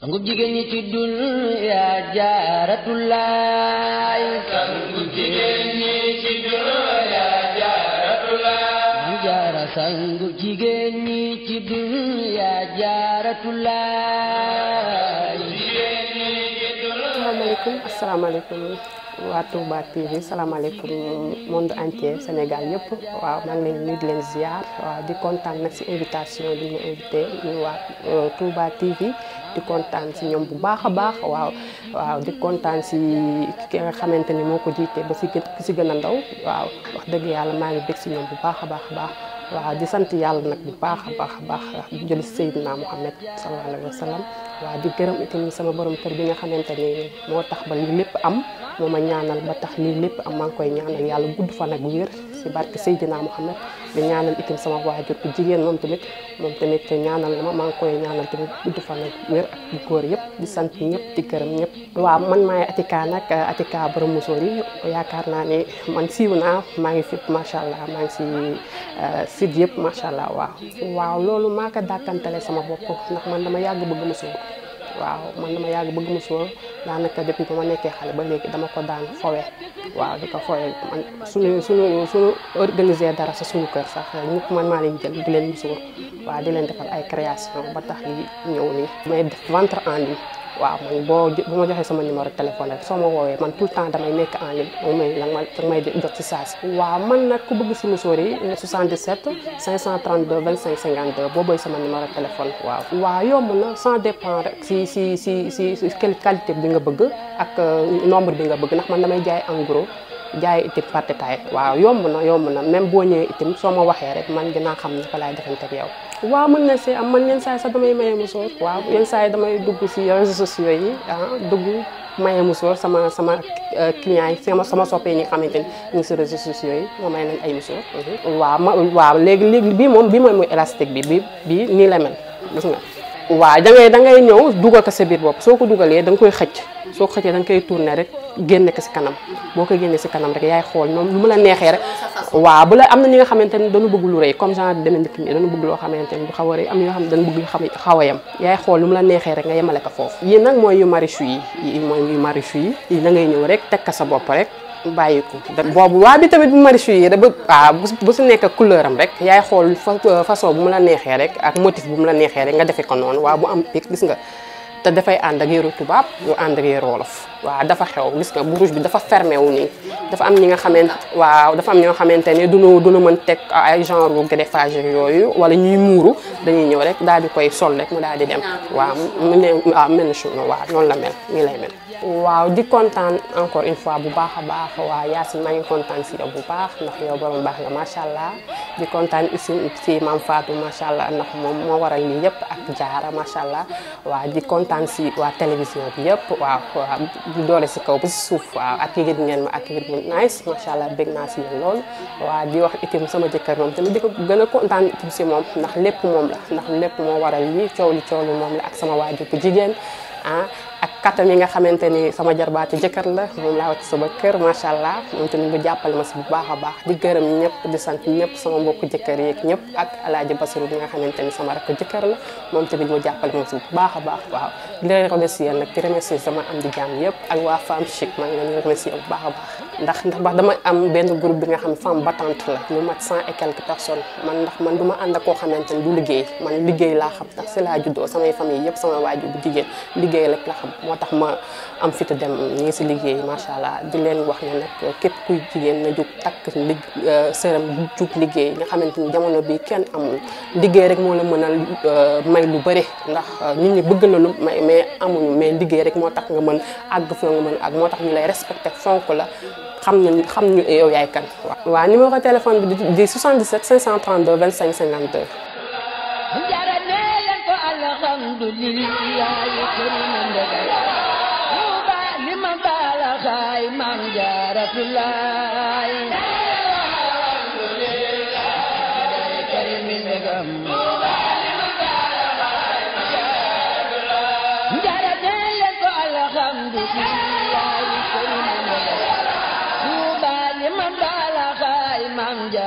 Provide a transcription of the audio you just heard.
sangu jigéen ñi ci dunya jaaratullaay sangu jigéen ñi ci dunya jaaratullaay mu jaara sangu jigéen ñi ci dunya jaaratullaay jigéen ñi ci dunya jaaratullaay asalaamaaleykum waa Touba TV salaamaaleykum monde entier Sénégal yëpp waaw maa ngi leen nuyu leen ziar waaw di kontaan nag si invitation bi ñu invité ñu waa euh, Touba TV di kontaan si ñoom bu baax a baax waaw waaw di kontaan si ki nga xamante ni moo ko jiite ba si si gën a ndaw waaw dëgg yàlla maa ngi bég si ñoom bu baax a baax a baax. waaw di sant yàlla nag bu baax a baax a baax di jëli Seydina Muhammad sallallahu alayhi wa sallam waaw di gërëm itam sama borom kër bi nga xamante ni moo tax ba lii lépp am moo ma ñaanal ba tax lii lépp am maa koy ñaanal yàlla gudd fa ak wér si barke Seydina Muhammad di ñaanal itam sama waajur bu jigéen moom tamit moom tamit ñaanal na ma maa ngi koy ñaanal tamit gudd fan ak wér ak góor yëpp di sant ñëpp di gërëm ñëpp. waaw man maay Atika nag Atika borom musóor yi yaakaar naa ne man siiw naa maa ngi fépp macha allah maa ngi si site euh, yëpp macha allah waaw. waaw loolu maa ko dàkkantale sama bopp ndax man ma yàgg bëgg musóor waaw man ma yàgg bëgg musóor daanaka depuis ba ma nekkee xale ba léegi dama ko daan fowe waaw di ko fowe man suñu suñu suñu organiser dara sa suñu kër sax ñëpp man maa leen jël di leen musuur waaw di leen defal ay création ba tax yi ñëw nii may def ventre en ligne waaw man boo bu ma joxee sama numéro téléphone rek soo ma woowee man tout le temps damay nekk en ligne moom may la ma la may jot ci saa si. waaw man nag ku bëgg si musóor yi 77 532 25 52 boo bëgg sama numéro téléphone waaw. waaw yomb na sans dépend rek si si si si quelle qualité bi nga bëgg ak euh, nombre bi nga bëgg ndax man damay jaay en gros. jaay itim partitaay waaw yomb na yomb na même boo ñëwee itim soo ma waxee rek man dinaa xam naka laay defante ak yow waaw mën na see am man yenn saa yi sax damay maye musóor waaw yenn damay dugg si réseaux yi ah dugg maye musóor sama sama euh, client yi sama sama soppee ñu ngi si réseaux sociaux yi ma may nañ ay mhm. waaw léegi léegi bii moom bii mooy mooy élastique bi bi bii nii la mel gis nga waaw da ngay ñëw dugal ko sa biir bopp soo ko dugalee da nga koy xëcc soo ko xëccee da nga koy tourner rek génne ko kanam boo ko génne kanam rek yaay xol ñom luma la nexé rek wa bu la amna ñi nga xamanteni dañu bëgg lu reuy comme genre demee nit ñi dañu bëgg lo xamanteni bu xaw reuy am ñi nga xam dañu bëgg xam xaw yam yaay xol luma la nexé rek nga yemale ko fofu yi nak moy yu marichu yi yi moy yu marichu yi yi da ngay ñew rek tek sa bop rek bàyyi bobu wa bi tamit bu marichu yi da ah bu su nekk couleuram rek yaay xol façon bu mu la nexé rek ak motif bu mu la nexé rek nga defe ko non wa bu am pic gis nga te fay and ak yëru tubab yu ànd ak wolof waaw dafa xew gis nga bu rouge bi dafa fermé wu nii dafa am ñi nga xamante waaw dafa am ñi xamante ne duñu duñu mën teg ay genre greffage yooyu wala ñuy muuru dañuy ñëw rek daal di koy sol rek mu daal di dem waaw mu ne waaw ah, mel na waaw noonu la mel nii lay mel. waaw di kontaan encore une fois bu baax a baax waa Yacine maa ngi kontaan si yow bu baax ndax yow borom baax nga macha allah di kontaan aussi si maam Fatou macha allah ndax moom moo waral lii yëpp ak jaara macha allah waa di kontaan si waa télévision bi yëpp waaw. doole si kaw ba si suuf waaw accueillir ngeen ma accueillir bu nice macha allah bég naa si lool waaw di wax itam sama jëkkër moom tamit di ko gën a kontaan itam si moom ndax lépp moom la ndax lépp moo waral lii coow li coow li moom la ak sama waajur bu jigéen ah. katam mi nga xamanteni ni sama jarbaati jëkkër la moom laa wacc sama kër sha allah moom tan bu jappal ma si bu baax baax di gërëm ñëpp di sant ñëpp sama mbokk jëkkër yi ñëpp ak alaaji basiru bi nga xamanteni sama rakk jëkkër la mom tamit mu jappal ma si bu baax baax waaw di leen remercier nak di remercier sama am di jàmm yëpp ak wa fam chic ma ngi leen remercier bu baax baax ndax ndax ba dama am benn groupe bi nga xam fam batante la ñu mat 100 et quelques personnes man ndax man duma and ak ko xamanteni du liggéey man liggéey la xam ndax c'est la juddo sama famille yëpp sama waajur bu jigeen liggéey rek la xam moo tax ma am fitu dem ñi si liggéey macha allah di leen wax ne nag képp kuy jigéen na jóg takk li euh, sëram jóg liggéey nga xamante ni jamono bi kenn amul liggéey rek moo la mën a euh, may lu bëri ndax euh, nit ñi bëgg na lu may mais amuñu mais liggéey rek moo tax nga mën àgg fa nga mën ak moo tax ñu lay respecté fonk la xam nañ xam ñu yow yaay kan waaw numéro téléphone bi di 77 532 25 52 alhamdulillah kër na ndegay mu baa li ma baala xaay maam jaaratulaay